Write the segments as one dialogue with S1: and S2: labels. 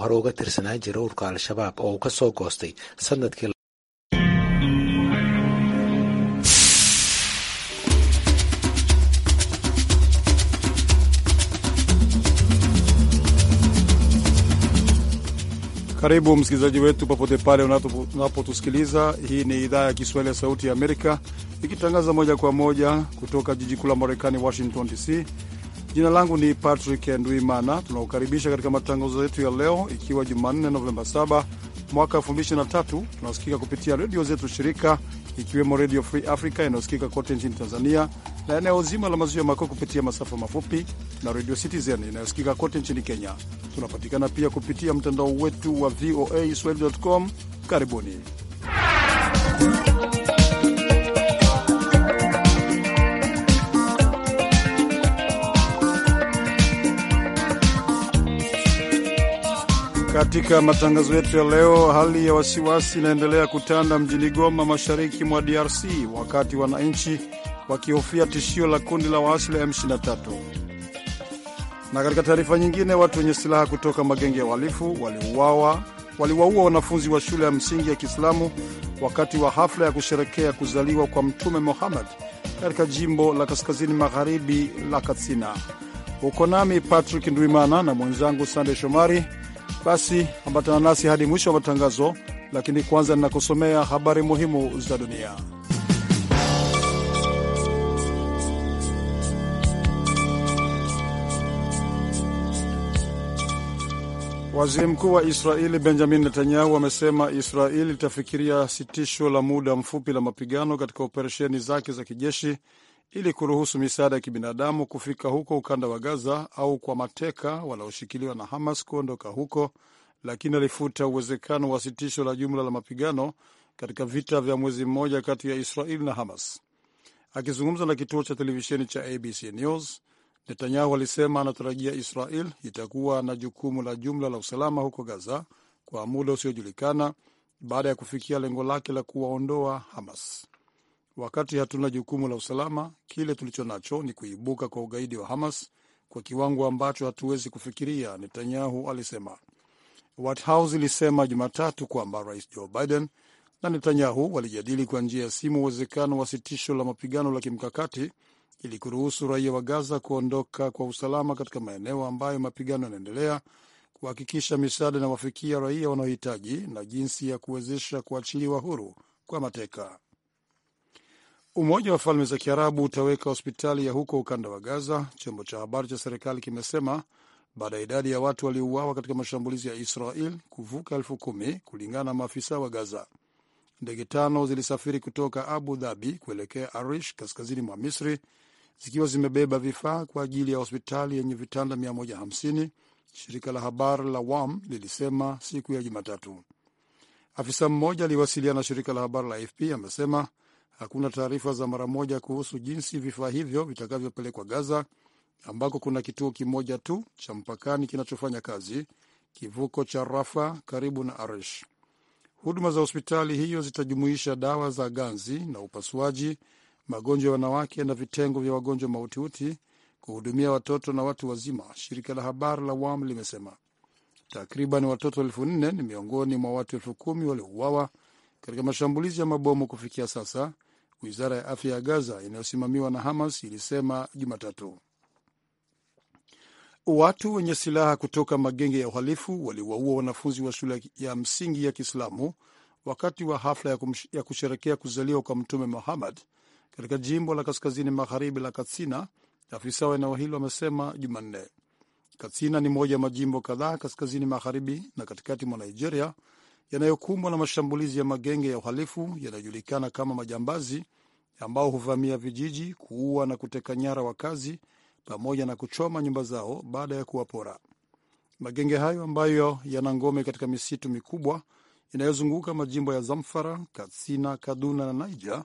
S1: hore uga tirsanaa jira urka al-shabaab oo uu ka soo goostay sanadkii
S2: Karibu msikilizaji wetu popote pale unapotusikiliza. Hii ni idhaa ya Kiswahili ya Sauti ya Amerika ikitangaza moja kwa moja kutoka jiji kuu la Marekani, Washington DC. Jina langu ni Patrick Ndwimana. Tunakukaribisha katika matangazo yetu ya leo, ikiwa Jumanne Novemba 7 mwaka 2023. Tunasikika kupitia redio zetu shirika, ikiwemo Redio Free Africa inayosikika kote nchini Tanzania na eneo zima la maziwa makuu kupitia masafa mafupi na Redio Citizen inayosikika kote nchini Kenya. Tunapatikana pia kupitia mtandao wetu wa VOA Swahili.com. Karibuni Katika matangazo yetu ya leo, hali ya wasiwasi inaendelea kutanda mjini Goma, mashariki mwa DRC, wakati wananchi wakihofia tishio la kundi la waasi la M23. Na katika taarifa nyingine, watu wenye silaha kutoka magenge ya uhalifu waliuawa waliwaua wanafunzi wa shule ya msingi ya Kiislamu wakati wa hafla ya kusherekea kuzaliwa kwa Mtume Muhammad katika jimbo la kaskazini magharibi la Katsina. Uko nami Patrick Ndwimana na mwenzangu Sande Shomari. Basi ambatana nasi hadi mwisho wa matangazo, lakini kwanza ninakusomea habari muhimu za dunia. Waziri mkuu wa Israeli Benjamin Netanyahu amesema Israeli itafikiria sitisho la muda mfupi la mapigano katika operesheni zake za kijeshi ili kuruhusu misaada ya kibinadamu kufika huko ukanda wa Gaza au kwa mateka wanaoshikiliwa na Hamas kuondoka huko, lakini alifuta uwezekano wa sitisho la jumla la mapigano katika vita vya mwezi mmoja kati ya Israel na Hamas. Akizungumza na kituo cha televisheni cha ABC News, Netanyahu alisema anatarajia Israel itakuwa na jukumu la jumla la usalama huko Gaza kwa muda usiojulikana baada ya kufikia lengo lake la kuwaondoa Hamas. Wakati hatuna jukumu la usalama, kile tulicho nacho ni kuibuka kwa ugaidi wa Hamas kwa kiwango ambacho hatuwezi kufikiria, Netanyahu alisema. White House ilisema Jumatatu kwamba Rais Joe Biden na Netanyahu walijadili kwa njia ya simu uwezekano wa sitisho la mapigano la kimkakati ili kuruhusu raia wa Gaza kuondoka kwa usalama katika maeneo ambayo mapigano yanaendelea, kuhakikisha misaada inawafikia raia wanaohitaji na jinsi ya kuwezesha kuachiliwa huru kwa mateka. Umoja wa Falme za Kiarabu utaweka hospitali ya huko ukanda wa Gaza, chombo cha habari cha serikali kimesema baada ya idadi ya watu waliouawa katika mashambulizi ya Israel kuvuka elfu kumi kulingana na maafisa wa Gaza. Ndege tano zilisafiri kutoka Abu Dhabi kuelekea Arish kaskazini mwa Misri zikiwa zimebeba vifaa kwa ajili ya hospitali yenye vitanda 150, shirika la habari la WAM lilisema siku ya Jumatatu. Afisa mmoja aliyewasiliana na shirika la habari la AFP amesema Hakuna taarifa za mara moja kuhusu jinsi vifaa hivyo vitakavyopelekwa Gaza, ambako kuna kituo kimoja tu cha mpakani kinachofanya kazi, kivuko cha Rafa karibu na Arish. Huduma za hospitali hiyo zitajumuisha dawa za ganzi na upasuaji, magonjwa ya wanawake na vitengo vya wagonjwa mautiuti, kuhudumia watoto na watu wazima, shirika la habari la WAM limesema. Takriban watoto elfu nne ni miongoni mwa watu elfu kumi waliouawa katika mashambulizi ya mabomu kufikia sasa, wizara ya afya ya Gaza inayosimamiwa na Hamas ilisema Jumatatu. Watu wenye silaha kutoka magenge ya uhalifu waliwaua wanafunzi wa shule ya msingi ya Kiislamu wakati wa hafla ya, kusherekea kuzaliwa kwa Mtume Muhammad katika jimbo la kaskazini magharibi la Katsina, afisa wa eneo hilo amesema Jumanne. Katsina ni moja ya majimbo kadhaa kaskazini magharibi na katikati mwa Nigeria yanayokumbwa na mashambulizi ya magenge ya uhalifu yanayojulikana kama majambazi, ambao huvamia vijiji, kuua na kuteka nyara wakazi pamoja na kuchoma nyumba zao baada ya kuwapora. Magenge hayo ambayo yana ngome katika misitu mikubwa inayozunguka majimbo ya Zamfara, Katsina, Kaduna na Niger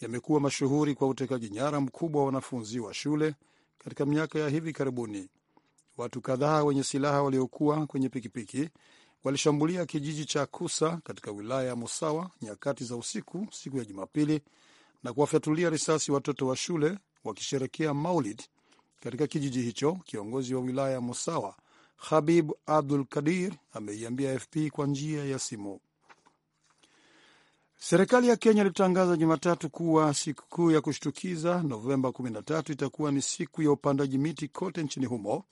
S2: yamekuwa mashuhuri kwa utekaji nyara mkubwa wa wanafunzi wa shule katika miaka ya hivi karibuni. Watu kadhaa wenye silaha waliokuwa kwenye pikipiki walishambulia kijiji cha Kusa katika wilaya ya Musawa nyakati za usiku siku ya Jumapili na kuwafyatulia risasi watoto wa shule wakisherekea Maulid katika kijiji hicho. Kiongozi wa wilaya ya Musawa Habib Abdul Kadir ameiambia AFP kwa njia ya simu. Serikali ya Kenya ilitangaza Jumatatu kuwa sikukuu ya kushtukiza Novemba 13 itakuwa ni siku ya upandaji miti kote nchini humo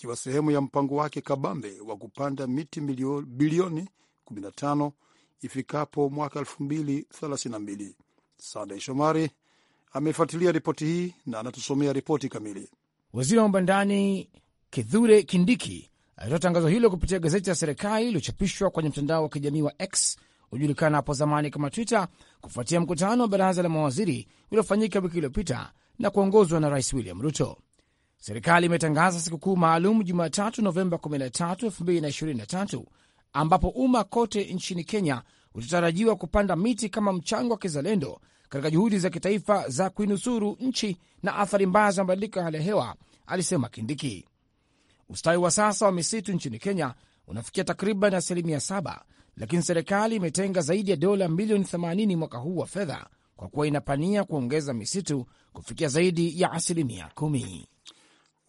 S2: ikiwa sehemu ya mpango wake kabambe wa kupanda miti milio, bilioni 15 ifikapo mwaka 2032. Sandey Shomari amefuatilia ripoti hii na anatusomea ripoti kamili.
S1: Waziri wa mambo ndani Kithure Kindiki alitoa tangazo hilo kupitia gazeti la serikali iliyochapishwa kwenye mtandao wa kijamii wa X uliojulikana hapo zamani kama Twitter, kufuatia mkutano wa baraza la mawaziri uliofanyika wiki iliyopita na kuongozwa na Rais William Ruto. Serikali imetangaza sikukuu maalum Jumatatu, Novemba 13, 2023 ambapo umma kote nchini Kenya utatarajiwa kupanda miti kama mchango wa kizalendo katika juhudi za kitaifa za kuinusuru nchi na athari mbaya za mabadiliko ya hali ya hewa, alisema Kindiki. Ustawi wa sasa wa misitu nchini Kenya unafikia takriban asilimia saba, lakini serikali imetenga zaidi ya dola milioni 80 mwaka huu wa fedha kwa kuwa inapania kuongeza misitu kufikia zaidi ya asilimia kumi.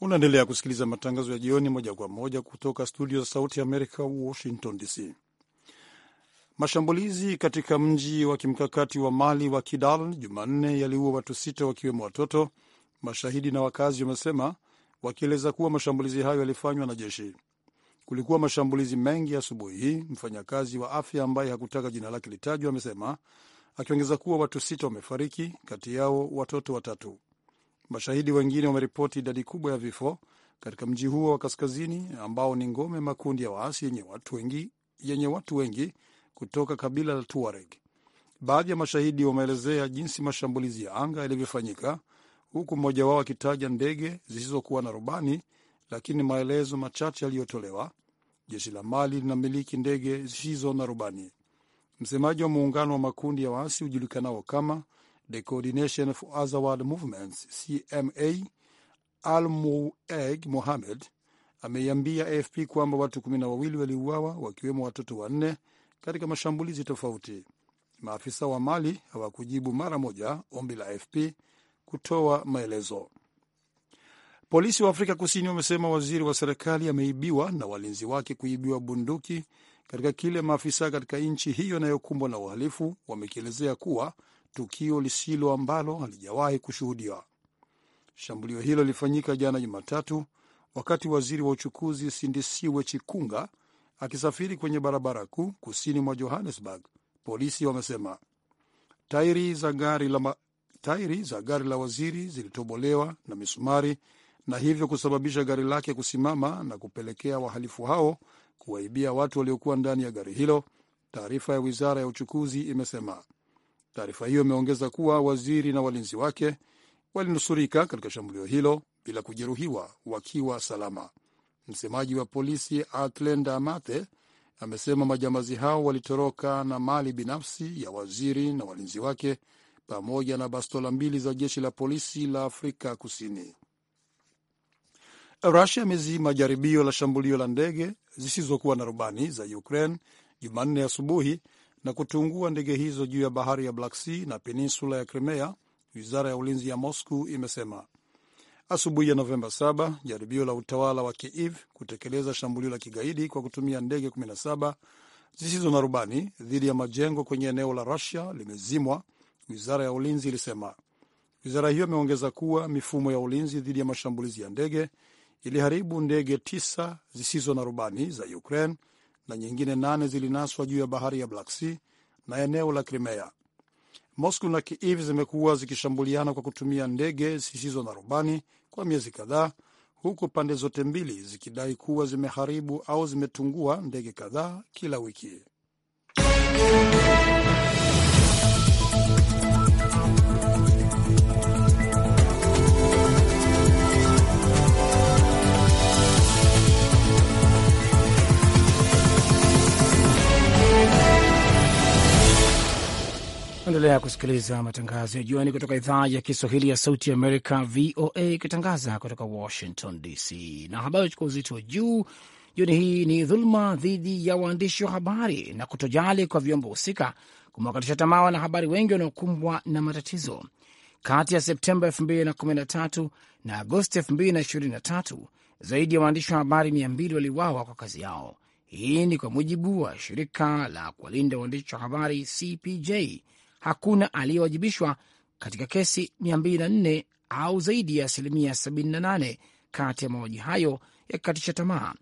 S2: Unaendelea kusikiliza matangazo ya jioni moja kwa moja kutoka studio za Sauti ya Amerika, Washington DC. Mashambulizi katika mji wa kimkakati wa Mali wa Kidal Jumanne yaliua watu sita wakiwemo watoto, mashahidi na wakazi wamesema, wakieleza kuwa mashambulizi hayo yalifanywa na jeshi. Kulikuwa mashambulizi mengi asubuhi hii, mfanyakazi wa afya ambaye hakutaka jina lake litajwa amesema, akiongeza kuwa watu sita wamefariki, kati yao watoto watatu. Mashahidi wengine wameripoti idadi kubwa ya vifo katika mji huo wa kaskazini ambao ni ngome makundi ya waasi yenye watu wengi, yenye watu wengi kutoka kabila la Tuareg. Baadhi ya mashahidi wameelezea jinsi mashambulizi ya anga yalivyofanyika, huku mmoja wao akitaja ndege zisizokuwa na rubani, lakini maelezo machache yaliyotolewa, jeshi la Mali linamiliki ndege zisizo na rubani. Msemaji wa muungano wa makundi ya waasi hujulikanao kama the Coordination for Azawad Movements CMA Almueg Mohamed ameiambia AFP kwamba watu kumi na wawili waliuawa wakiwemo watoto wanne katika mashambulizi tofauti. Maafisa wa Mali hawakujibu mara moja ombi la AFP kutoa maelezo. Polisi wa Afrika Kusini wamesema waziri wa serikali ameibiwa na walinzi wake kuibiwa bunduki katika kile maafisa katika nchi hiyo inayokumbwa na uhalifu wamekielezea kuwa tukio lisilo ambalo halijawahi kushuhudiwa. Shambulio hilo lilifanyika jana Jumatatu wakati waziri wa uchukuzi Sindisiwe Chikunga akisafiri kwenye barabara kuu kusini mwa Johannesburg, polisi wamesema. Tairi za gari la, ma... tairi za gari la waziri zilitobolewa na misumari na hivyo kusababisha gari lake kusimama na kupelekea wahalifu hao kuwaibia watu waliokuwa ndani ya gari hilo, taarifa ya wizara ya uchukuzi imesema. Taarifa hiyo imeongeza kuwa waziri na walinzi wake walinusurika katika shambulio hilo bila kujeruhiwa, wakiwa salama. Msemaji wa polisi Atlenda mate amesema majambazi hao walitoroka na mali binafsi ya waziri na walinzi wake pamoja na bastola mbili za jeshi la polisi la Afrika Kusini. Rusia imezima jaribio la shambulio la ndege zisizokuwa na rubani za Ukraine Jumanne asubuhi na kutungua ndege hizo juu ya bahari ya Black Sea na peninsula ya Crimea, wizara ya ulinzi ya Moscow imesema asubuhi ya Novemba 7. Jaribio la utawala wa Kiev kutekeleza shambulio la kigaidi kwa kutumia ndege 17 zisizo na rubani dhidi ya majengo kwenye eneo la Rusia limezimwa, wizara ya ulinzi ilisema. Wizara hiyo imeongeza kuwa mifumo ya ulinzi dhidi ya mashambulizi ya ndege iliharibu ndege tisa zisizo na rubani za Ukraine na nyingine nane zilinaswa juu ya bahari ya Black Sea na eneo la Crimea. Moscow na Kiev zimekuwa zikishambuliana kwa kutumia ndege zisizo na rubani kwa miezi kadhaa, huku pande zote mbili zikidai kuwa zimeharibu au zimetungua ndege kadhaa kila wiki.
S1: Unaendelea kusikiliza matangazo ya jioni kutoka idhaa ya Kiswahili ya Sauti ya Amerika, VOA, ikitangaza kutoka Washington DC. Na habari chukua uzito wa juu jioni hii ni dhuluma dhidi ya waandishi wa habari na kutojali kwa vyombo husika kumwakatisha tamaa wanahabari wengi wanaokumbwa na matatizo. Kati ya Septemba 2013 na Agosti 2023 zaidi ya waandishi wa habari 200 waliuawa kwa kazi yao. Hii ni kwa mujibu wa shirika la kuwalinda waandishi wa habari CPJ hakuna aliyewajibishwa katika kesi 204 au zaidi ya asilimia 78 kati ya mauaji hayo ya kukatisha tamaa.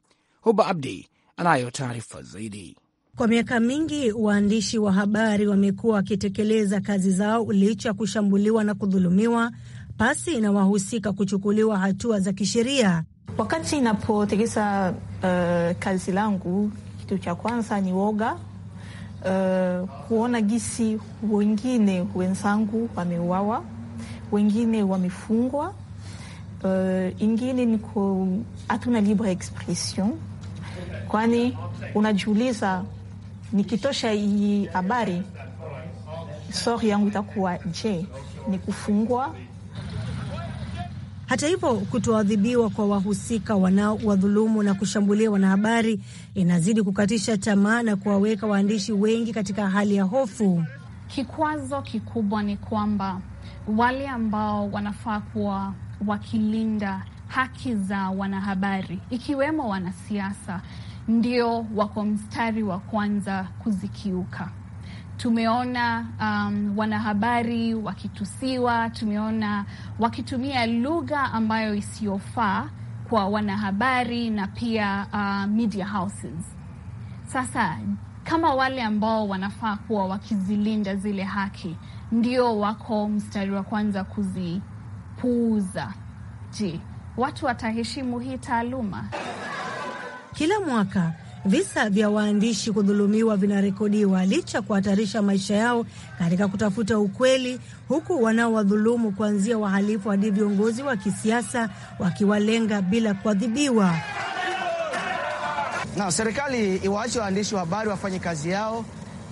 S1: Huba Abdi anayo taarifa zaidi.
S3: Kwa miaka mingi waandishi wa habari wamekuwa wakitekeleza kazi zao licha ya kushambuliwa na kudhulumiwa pasi na wahusika kuchukuliwa hatua za kisheria. Wakati inapotegeza uh, eh, kazi langu, kitu cha kwanza ni woga uh, kuona gisi wengine wenzangu wameuawa, wengine wamefungwa. Uh, ingine ni hatuna libre expression, kwani unajiuliza nikitosha hii habari sori yangu itakuwa je, ni kufungwa hata hivyo, kutoadhibiwa kwa wahusika wanaowadhulumu na kushambulia wanahabari inazidi kukatisha tamaa na kuwaweka waandishi wengi katika hali ya hofu. Kikwazo kikubwa
S4: ni kwamba
S3: wale ambao wanafaa kuwa wakilinda
S4: haki za wanahabari ikiwemo wanasiasa ndio wako mstari wa kwanza kuzikiuka. Tumeona um, wanahabari wakitusiwa, tumeona wakitumia lugha ambayo isiyofaa kwa wanahabari na pia uh, media houses. Sasa kama wale ambao wanafaa kuwa wakizilinda zile haki ndio wako mstari wa kwanza kuzipuuza, je, watu wataheshimu hii taaluma?
S3: Kila mwaka Visa vya waandishi kudhulumiwa vinarekodiwa licha kuhatarisha maisha yao katika kutafuta ukweli, huku wanaowadhulumu kuanzia wahalifu hadi viongozi wa kisiasa wakiwalenga bila kuadhibiwa.
S1: Na serikali iwaache waandishi wa habari wafanye kazi yao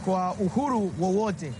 S1: kwa uhuru wowote,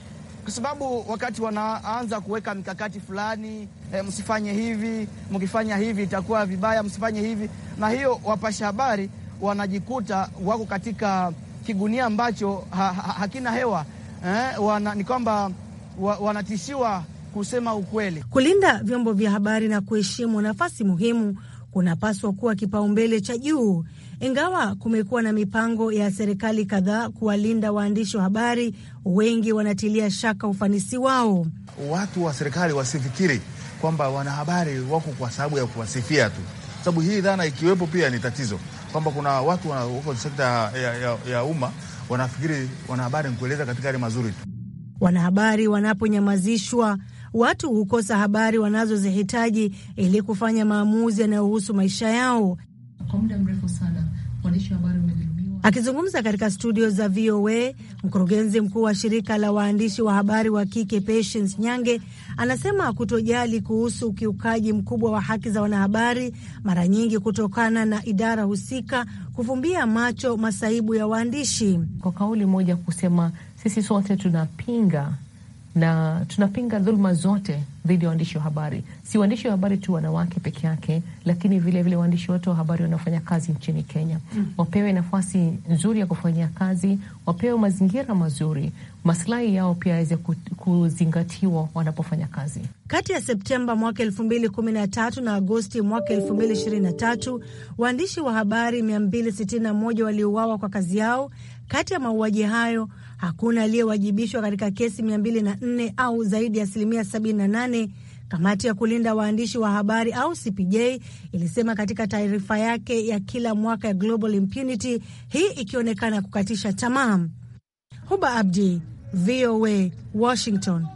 S1: kwa sababu wakati wanaanza kuweka mikakati fulani e, msifanye hivi, mkifanya hivi itakuwa
S5: vibaya, msifanye hivi, na hiyo wapasha habari wanajikuta wako katika kigunia ambacho ha, ha, hakina hewa eh, wana, ni kwamba wa,
S3: wanatishiwa kusema ukweli. Kulinda vyombo vya habari na kuheshimu nafasi muhimu kunapaswa kuwa kipaumbele cha juu. Ingawa kumekuwa na mipango ya serikali kadhaa kuwalinda waandishi wa habari, wengi wanatilia shaka ufanisi wao.
S5: Watu wa serikali wasifikiri kwamba wanahabari wako kwa sababu ya kuwasifia tu,
S2: sababu hii dhana ikiwepo pia ni tatizo kwamba kuna watu wako sekta ya, ya, ya umma wanafikiri wanahabari nikueleza katika hali mazuri tu.
S3: Wanahabari wanaponyamazishwa, watu hukosa habari wanazozihitaji ili kufanya maamuzi yanayohusu maisha yao kwa muda mrefu sana. Waandishi wa habari wamejikuta Akizungumza katika studio za VOA, mkurugenzi mkuu wa shirika la waandishi wa habari wa kike Patience Nyange anasema kutojali kuhusu ukiukaji mkubwa wa haki za wanahabari mara nyingi kutokana na idara husika kufumbia macho masaibu ya waandishi.
S6: Kwa kauli moja kusema sisi sote tunapinga na tunapinga dhuluma zote dhidi ya waandishi wa habari, si waandishi wa habari tu wanawake peke yake, lakini vilevile waandishi wote wa habari wanaofanya kazi nchini Kenya mm. wapewe nafasi nzuri ya kufanyia kazi, wapewe mazingira mazuri, maslahi yao pia yaweze kuzingatiwa wanapofanya kazi.
S3: Kati ya Septemba mwaka kumi na Agosti mwaka tatu waandishi wa habari 261 waliuawa kwa kazi yao. Kati ya mauaji hayo hakuna aliyewajibishwa katika kesi 204 au zaidi ya asilimia 78. Kamati ya kulinda waandishi wa habari au CPJ ilisema katika taarifa yake ya kila mwaka ya Global Impunity, hii ikionekana kukatisha tamaa. Huba Abdi, VOA, Washington.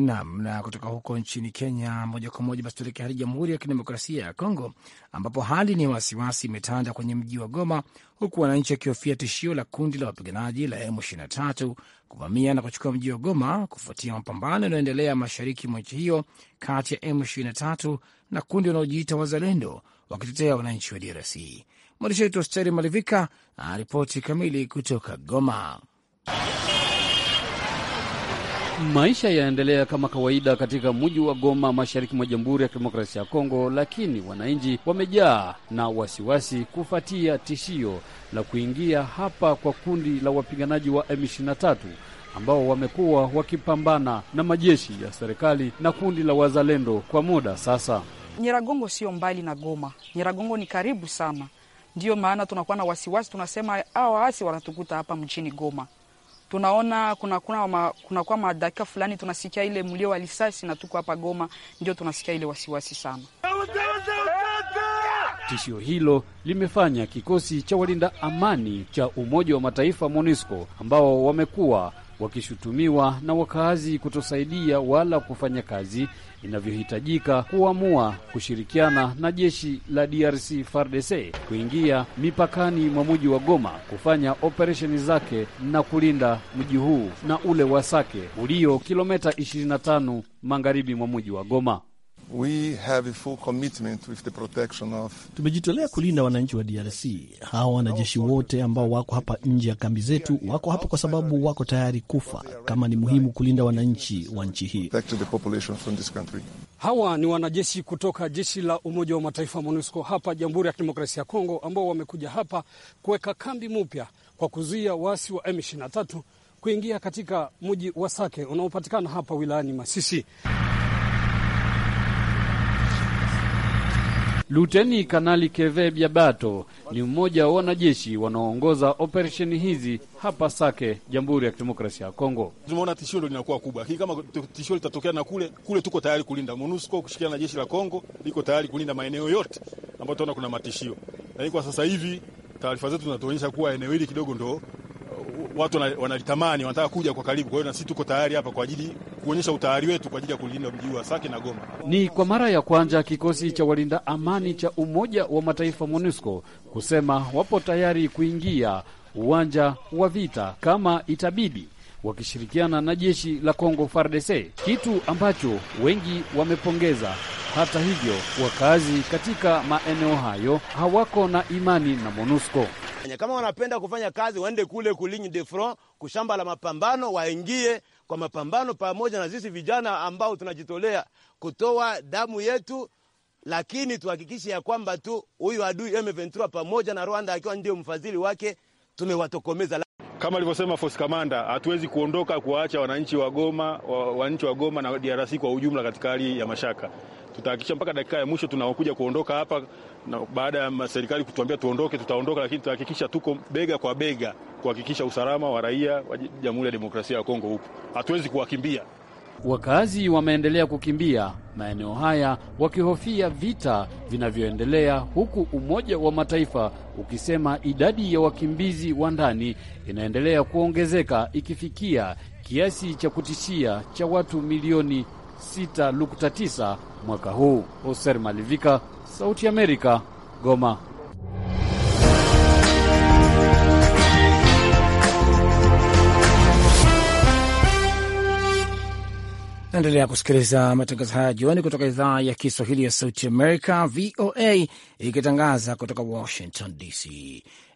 S1: Naam, na kutoka huko nchini Kenya moja kwa moja basi tuelekea hadi Jamhuri ya Kidemokrasia ya Kongo ambapo hali ni wasiwasi imetanda kwenye mji wa Goma, huku wananchi wakihofia tishio la kundi la wapiganaji la M23 kuvamia na kuchukua mji wa Goma kufuatia mapambano yanayoendelea mashariki mwa nchi hiyo kati ya M23 na kundi wanaojiita Wazalendo wakitetea wananchi wa DRC. Mwandishi wetu Osteri Malivika aripoti kamili kutoka
S5: Goma. Maisha yaendelea kama kawaida katika mji wa Goma, mashariki mwa Jamhuri ya Kidemokrasia ya Kongo, lakini wananchi wamejaa na wasiwasi kufuatia tishio la kuingia hapa kwa kundi la wapiganaji wa M23 ambao wamekuwa wakipambana na majeshi ya serikali na kundi la wazalendo kwa muda sasa.
S4: Nyiragongo sio mbali na Goma, Nyiragongo ni karibu sana, ndiyo maana tunakuwa na wasiwasi, tunasema hawa waasi wanatukuta hapa mchini Goma tunaona kunakuwa kuna, madakika fulani tunasikia ile mlio wa risasi, na tuko hapa Goma ndio tunasikia ile wasiwasi sana.
S5: Tishio hilo limefanya kikosi cha walinda amani cha Umoja wa Mataifa MONUSCO ambao wamekuwa wakishutumiwa na wakazi kutosaidia wala kufanya kazi inavyohitajika kuamua kushirikiana na jeshi la DRC FARDC kuingia mipakani mwa muji wa Goma kufanya operesheni zake na kulinda mji huu na ule wa Sake ulio kilometa 25 magharibi mwa muji wa Goma. Tumejitolea kulinda wananchi wa DRC. Hawa wanajeshi wote ambao wako hapa nje ya kambi zetu wako hapa kwa sababu wako tayari kufa kama ni muhimu kulinda wananchi wa nchi hii. Hawa ni wanajeshi kutoka jeshi la Umoja wa Mataifa MONUSCO hapa Jamhuri ya Kidemokrasia ya Kongo, ambao wamekuja hapa kuweka kambi mupya kwa kuzuia waasi wa M23 kuingia katika mji wa Sake unaopatikana hapa wilayani Masisi. Luteni Kanali Keve Byabato ni mmoja wa wanajeshi wanaoongoza operesheni hizi hapa Sake, Jamhuri ya Kidemokrasia ya Kongo. Tumeona tishio ndo linakuwa kubwa, lakini kama tishio litatokea
S2: na kule kule, tuko tayari kulinda. MONUSCO kushikiana na jeshi la Kongo liko tayari kulinda maeneo yote ambayo tunaona kuna matishio, lakini kwa sasa hivi taarifa zetu zinatuonyesha kuwa eneo hili kidogo ndo watu wanalitamani, wanataka kuja kwa karibu. Kwa hiyo na sisi tuko tayari hapa kwa ajili kuonyesha utayari wetu kwa
S5: ajili ya kulinda mji wa Sake na Goma. Ni kwa mara ya kwanza kikosi cha walinda amani cha Umoja wa Mataifa MONUSCO kusema wapo tayari kuingia uwanja wa vita kama itabidi wakishirikiana na jeshi la Kongo FARDC, kitu ambacho wengi wamepongeza. Hata hivyo, wakazi katika maeneo hayo hawako na imani na MONUSCO. Kama wanapenda kufanya kazi, waende kule kuligne de front, kushamba la mapambano, waingie kwa mapambano pamoja na sisi vijana ambao tunajitolea kutoa damu yetu, lakini tuhakikishe ya kwamba tu huyu adui M23 pamoja na Rwanda akiwa ndio mfadhili wake tumewatokomeza
S2: kama alivyosema Force Kamanda, hatuwezi kuondoka kuwaacha wananchi wa Goma, wananchi wa Goma na DRC kwa ujumla katika hali ya mashaka. Tutahakikisha mpaka dakika ya mwisho tunaokuja kuondoka hapa, na baada ya serikali kutuambia tuondoke, tutaondoka, lakini tutahakikisha tuko bega kwa bega kuhakikisha
S5: usalama wa raia wa Jamhuri ya Demokrasia ya Kongo. Huku hatuwezi kuwakimbia. Wakazi wameendelea kukimbia maeneo haya wakihofia vita vinavyoendelea, huku Umoja wa Mataifa ukisema idadi ya wakimbizi wa ndani inaendelea kuongezeka ikifikia kiasi cha kutishia cha watu milioni 6.9 mwaka huu. Hoser Malivika, Sauti ya Amerika, Goma. Naendelea
S1: kusikiliza matangazo haya jioni kutoka idhaa ya Kiswahili ya Sauti Amerika, VOA, ikitangaza kutoka Washington DC.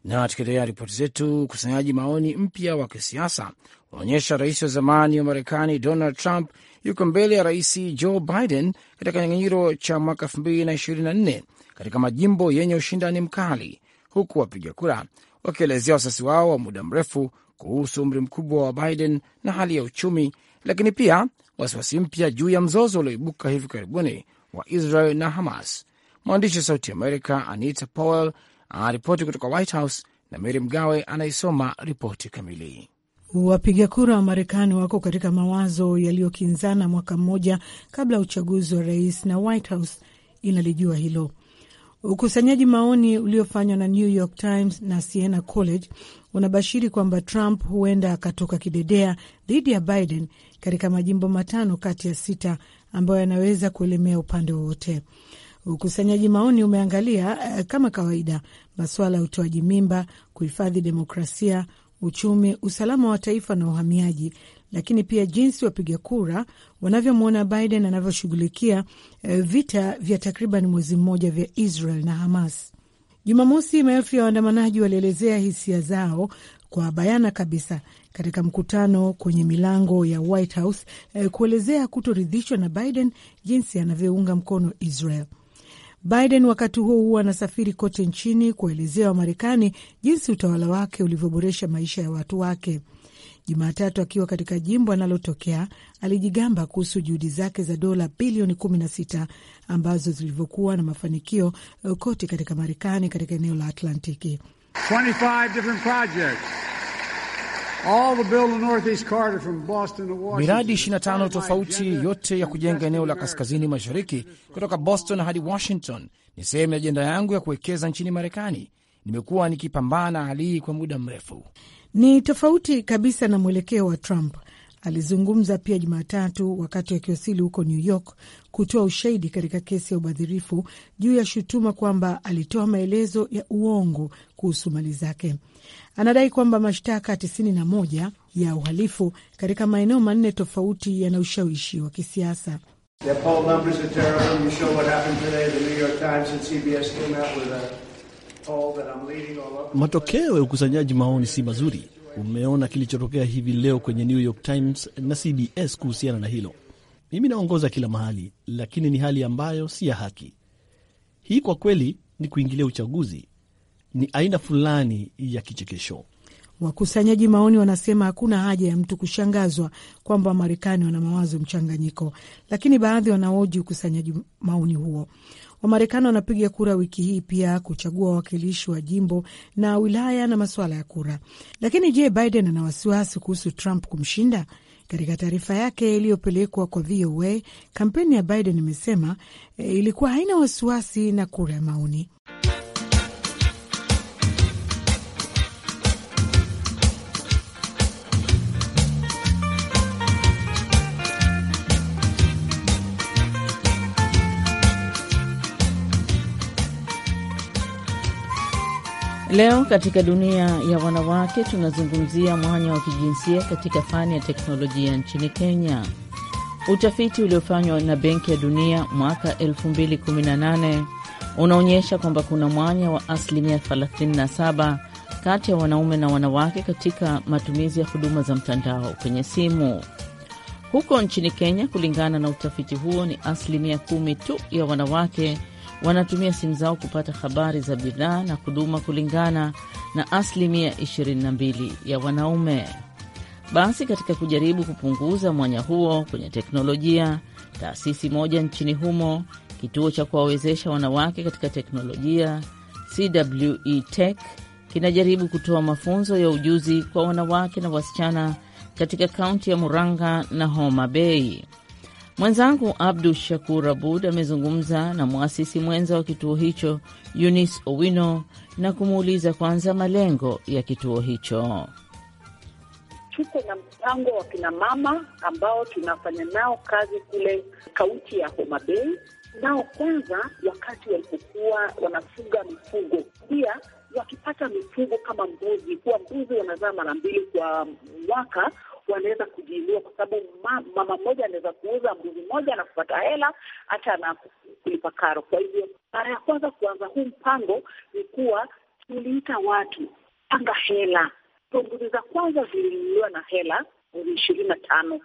S1: Na tukiendelea ripoti zetu, ukusanyaji maoni mpya wa kisiasa unaonyesha rais wa zamani wa Marekani Donald Trump yuko mbele ya rais Joe Biden katika kinyang'anyiro cha mwaka 2024 katika majimbo yenye ushindani mkali, huku wapiga kura wakielezea wasiwasi wao wa muda mrefu kuhusu umri mkubwa wa Biden na hali ya uchumi, lakini pia wasiwasi mpya juu ya mzozo ulioibuka hivi karibuni wa Israel na Hamas. Mwandishi wa Sauti Amerika Anita Powell anaripoti kutoka White House na Meri Mgawe anaisoma ripoti kamili.
S4: Wapiga kura wa Marekani wako katika mawazo yaliyokinzana mwaka mmoja kabla ya uchaguzi wa rais, na White House inalijua hilo. Ukusanyaji maoni uliofanywa na New York Times na Siena College unabashiri kwamba Trump huenda akatoka kidedea dhidi ya Biden katika majimbo matano kati ya sita ambayo yanaweza kuelemea upande wowote. Ukusanyaji maoni umeangalia eh, kama kawaida masuala ya utoaji mimba, kuhifadhi demokrasia, uchumi, usalama wa taifa na uhamiaji, lakini pia jinsi wapiga kura wanavyomwona Biden anavyoshughulikia eh, vita vya takriban mwezi mmoja vya Israel na Hamas. Jumamosi, maelfu ya waandamanaji walielezea hisia zao kwa bayana kabisa katika mkutano kwenye milango ya White House eh, kuelezea kutoridhishwa na Biden jinsi anavyounga mkono Israel. Biden wakati huo huo anasafiri kote nchini kuelezea Wamarekani jinsi utawala wake ulivyoboresha maisha ya watu wake. Jumatatu akiwa katika jimbo analotokea alijigamba kuhusu juhudi zake za dola bilioni 16 ambazo zilivyokuwa na mafanikio uh, kote katika Marekani katika eneo la Atlantiki.
S5: Miradi
S1: 25 tofauti yote ya kujenga eneo la kaskazini mashariki kutoka Boston hadi Washington ni sehemu ya ajenda yangu ya kuwekeza nchini Marekani. Nimekuwa nikipambana hali hii kwa muda mrefu ni
S4: tofauti kabisa na mwelekeo wa Trump. Alizungumza pia Jumatatu wakati akiwasili huko New York kutoa ushahidi katika kesi ya ubadhirifu juu ya shutuma kwamba alitoa maelezo ya uongo kuhusu mali zake. Anadai kwamba mashtaka 91 ya uhalifu katika maeneo manne tofauti yana ushawishi wa kisiasa.
S2: Yeah,
S5: Matokeo ya ukusanyaji maoni si mazuri. Umeona kilichotokea hivi leo kwenye New York Times na CBS kuhusiana na hilo. Mimi naongoza kila mahali, lakini ni hali ambayo si ya haki. Hii kwa kweli ni kuingilia uchaguzi, ni aina fulani ya kichekesho. Wakusanyaji
S4: maoni wanasema hakuna haja ya mtu kushangazwa kwamba Wamarekani wana mawazo mchanganyiko, lakini baadhi wanaoji ukusanyaji maoni huo. Wamarekani wanapiga kura wiki hii pia kuchagua wawakilishi wa jimbo na wilaya na masuala ya kura. Lakini je, Biden ana wasiwasi kuhusu Trump kumshinda? Katika taarifa yake iliyopelekwa kwa VOA, kampeni ya Biden imesema e, ilikuwa haina wasiwasi na kura ya maoni.
S6: Leo katika dunia ya wanawake tunazungumzia mwanya wa kijinsia katika fani ya teknolojia nchini Kenya. Utafiti uliofanywa na Benki ya Dunia mwaka 2018 unaonyesha kwamba kuna mwanya wa asilimia 37 kati ya wanaume na wanawake katika matumizi ya huduma za mtandao kwenye simu. Huko nchini Kenya, kulingana na utafiti huo, ni asilimia kumi tu ya wanawake wanatumia simu zao kupata habari za bidhaa na huduma kulingana na asilimia 22 ya wanaume. Basi katika kujaribu kupunguza mwanya huo kwenye teknolojia, taasisi moja nchini humo, kituo cha kuwawezesha wanawake katika teknolojia CWE Tech, kinajaribu kutoa mafunzo ya ujuzi kwa wanawake na wasichana katika kaunti ya Murang'a na Homa Bay. Mwenzangu Abdu Shakur Abud amezungumza na mwasisi mwenza wa kituo hicho Eunice Owino na kumuuliza kwanza malengo ya kituo hicho.
S7: Tuko na mpango wa kinamama ambao tunafanya nao kazi kule kaunti ya Homa Bay, nao kwanza wakati walipokuwa wanafuga mifugo, pia wakipata mifugo kama mbuzi, kuwa mbuzi wanazaa mara mbili kwa mwaka wanaweza kujiinua, kwa sababu mama mmoja anaweza kuuza mbuzi mmoja na kupata hela hata na kulipa karo. Kwa hivyo mara ya kwanza kuanza huu mpango ni kuwa tuliita watu panga hela. Mbuzi za kwanza zilinunuliwa na hela mbuzi ishirini na tano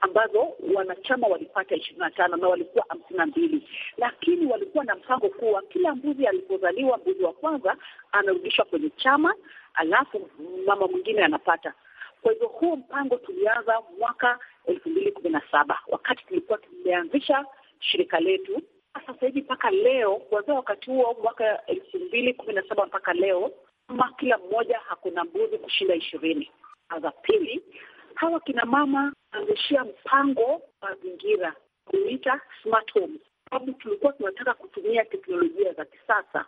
S7: ambazo wanachama walipata ishirini na tano na walikuwa hamsini na mbili lakini walikuwa na mpango kuwa kila mbuzi alipozaliwa, mbuzi wa kwanza anarudishwa kwenye chama, alafu mama mwingine anapata. Kwa hivyo huu mpango tulianza mwaka elfu mbili kumi na saba wakati tulikuwa tumeanzisha shirika letu. Sasa hivi mpaka leo, kuanzia wakati huo mwaka elfu mbili kumi na saba mpaka leo, kama kila mmoja hakuna mbuzi kushinda ishirini. Za pili, hawa kina mama anzishia mpango mazingira kuita smart homes, sababu tulikuwa tunataka kutumia teknolojia za kisasa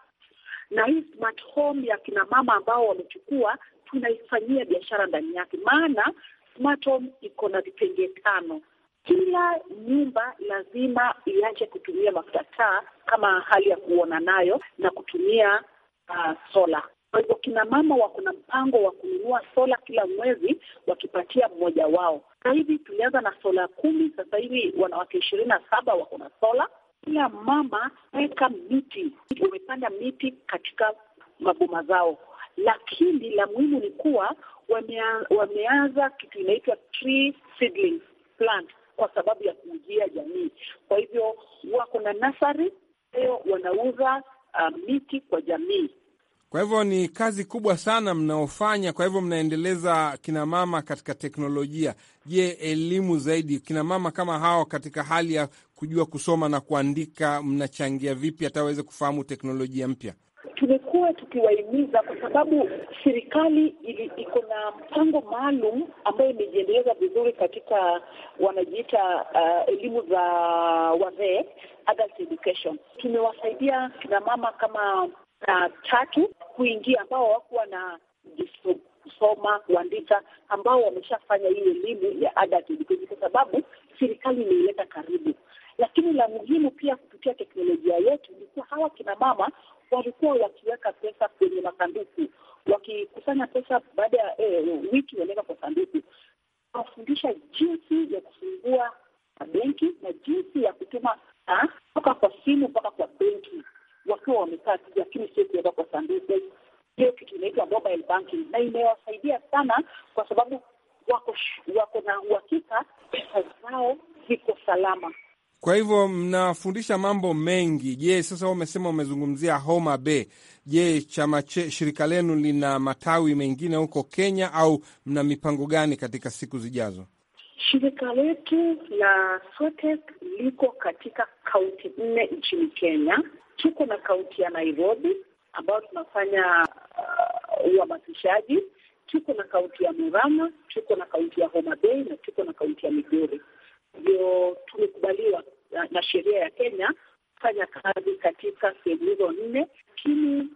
S7: na hii smart home ya kina mama ambao wamechukua, tunaifanyia biashara ndani yake, maana smart home iko na vipengee tano. Kila nyumba lazima iache kutumia mafuta taa kama hali ya kuona nayo na kutumia uh, ah, sola. Kwa hivyo kina mama wako na mpango wa kununua sola kila mwezi, wakipatia mmoja wao. Sasa hivi tulianza na sola kumi, sasa hivi wanawake ishirini na saba wako na sola kila mama weka miti, wamepanda miti katika maboma zao, lakini la muhimu ni kuwa wamea, wameanza kitu inaitwa tree seedling plant kwa sababu ya kuujia jamii. Kwa hivyo wako na nasari, leo wanauza uh, miti kwa
S1: jamii. Kwa hivyo ni kazi kubwa sana mnaofanya. Kwa hivyo mnaendeleza kinamama katika teknolojia. Je, elimu zaidi kinamama kama hao katika hali ya kujua kusoma na kuandika, mnachangia vipi hata waweze kufahamu teknolojia mpya?
S7: Tumekuwa tukiwahimiza kwa sababu serikali iko na mpango maalum ambayo imejiendeleza vizuri katika wanajiita uh, elimu za wazee, adult education. Tumewasaidia kina mama kama na uh, tatu kuingia ambao wakuwa na kusoma kuandika, ambao wameshafanya hii elimu ya adult education kwa sababu serikali imeileta karibu lakini la muhimu pia kupitia teknolojia yetu ni hawa kina mama walikuwa wakiweka pesa kwenye masanduku, wakikusanya pesa baada ya eh, wiki wanaweka kwa sanduku. Wafundisha jinsi ya kufungua benki na jinsi ya kutuma ah, toka kwa simu mpaka kwa benki wakiwa wamekaa tu, lakini sio kuweka kwa sanduku. Hiyo kitu inaitwa mobile banking na imewasaidia sana, kwa sababu wako wako na uhakika pesa zao ziko salama.
S1: Kwa hivyo mnafundisha mambo mengi. Je, sasa umesema umezungumzia Homa Bay. Je, chama che shirika lenu lina matawi mengine huko Kenya au mna mipango gani katika siku zijazo?
S7: Shirika letu la SOTEC liko katika kaunti nne nchini Kenya. Tuko na kaunti ya Nairobi ambayo tunafanya uh, uhamasishaji tuko na kaunti ya Murang'a, tuko na kaunti ya Homa Bay na tuko na kaunti ya Migori. Ndio tumekubaliwa na, na sheria ya Kenya kufanya kazi katika sehemu hizo nne, lakini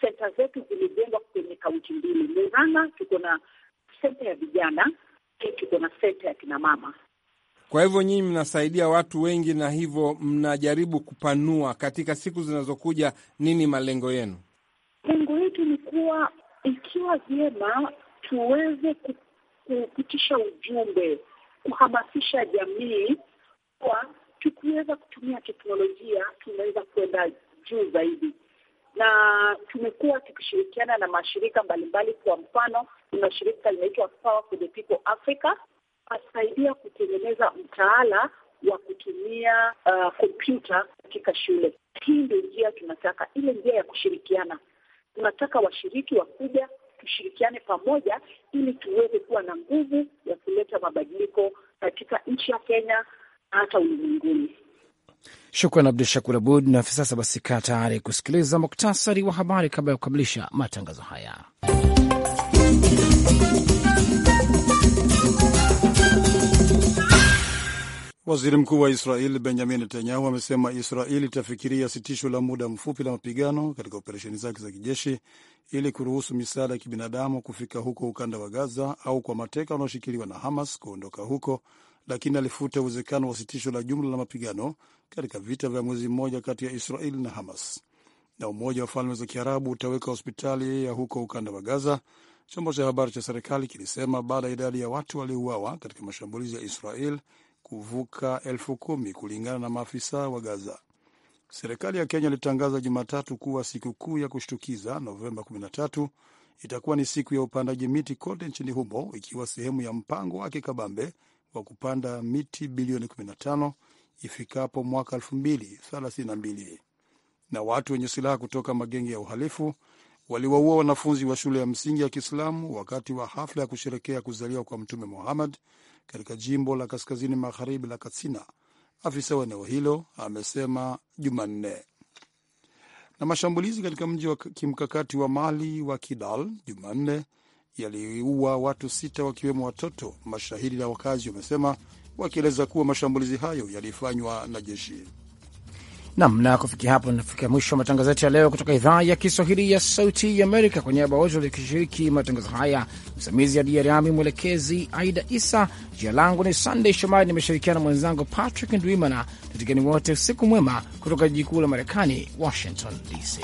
S7: senta zetu zimejengwa kwenye kaunti mbili. Murang'a tuko na senta ya vijana, tuko na senta ya kinamama.
S1: Kwa hivyo nyinyi mnasaidia watu wengi na hivyo mnajaribu kupanua. Katika siku zinazokuja, nini malengo yenu?
S7: Lengo letu ni kuwa ikiwa vyema tuweze kupitisha ujumbe, kuhamasisha jamii kwa tukiweza kutumia teknolojia tunaweza kwenda juu zaidi, na tumekuwa tukishirikiana na mashirika mbalimbali. Kwa mfano, kuna shirika linaitwa Power for the People Africa, asaidia kutengeneza mtaala wa kutumia uh, kompyuta uh, katika shule. Hii ndio njia tunataka, ile njia ya kushirikiana. Tunataka washiriki wakubwa tushirikiane pamoja, ili tuweze kuwa na nguvu ya kuleta mabadiliko katika nchi ya Kenya hata ulimwenguni.
S1: Shukran Abdu Shakur Abud. Na sasa basi, kaa tayari kusikiliza muktasari wa habari kabla ya kukamilisha matangazo haya.
S2: Waziri mkuu wa Israel Benjamin Netanyahu amesema Israel itafikiria sitisho la muda mfupi la mapigano katika operesheni zake za kijeshi ili kuruhusu misaada ya kibinadamu kufika huko ukanda wa Gaza au kwa mateka wanaoshikiliwa na Hamas kuondoka huko lakini alifuta uwezekano wa sitisho la jumla la mapigano katika vita vya mwezi mmoja kati ya Israel na Hamas. Na Umoja wa Falme za Kiarabu utaweka hospitali ya huko ukanda wa Gaza, chombo cha habari cha serikali kilisema baada ya idadi ya watu waliouawa katika mashambulizi ya Israel kuvuka elfu kumi kulingana na maafisa wa Gaza. Serikali ya Kenya ilitangaza Jumatatu kuwa sikukuu ya kushtukiza Novemba 13 itakuwa ni siku ya upandaji miti kote nchini humo, ikiwa sehemu ya mpango wake kabambe wa kupanda miti bilioni 15 ifikapo mwaka 2032. Na watu wenye silaha kutoka magenge ya uhalifu waliwaua wanafunzi wa shule ya msingi ya Kiislamu wakati wa hafla ya kusherekea kuzaliwa kwa Mtume Muhammad katika jimbo la kaskazini magharibi la Katsina, afisa wa eneo hilo amesema Jumanne. Na mashambulizi katika mji wa kimkakati wa Mali wa Kidal Jumanne yaliua watu sita wakiwemo watoto, mashahidi na wakazi wamesema, wakieleza kuwa mashambulizi hayo yalifanywa na jeshi.
S1: Nam na kufikia hapo nafikia mwisho wa matangazo yetu ya leo kutoka idhaa ya Kiswahili ya Sauti ya Amerika. Kwa niaba wote walikishiriki matangazo haya, msimamizi ya Diarami, mwelekezi Aida Isa, jina langu ni Sandey Shomari, nimeshirikiana mwenzangu Patrick Ndwimana. Tutikeni wote usiku mwema kutoka jiji kuu la Marekani, Washington DC.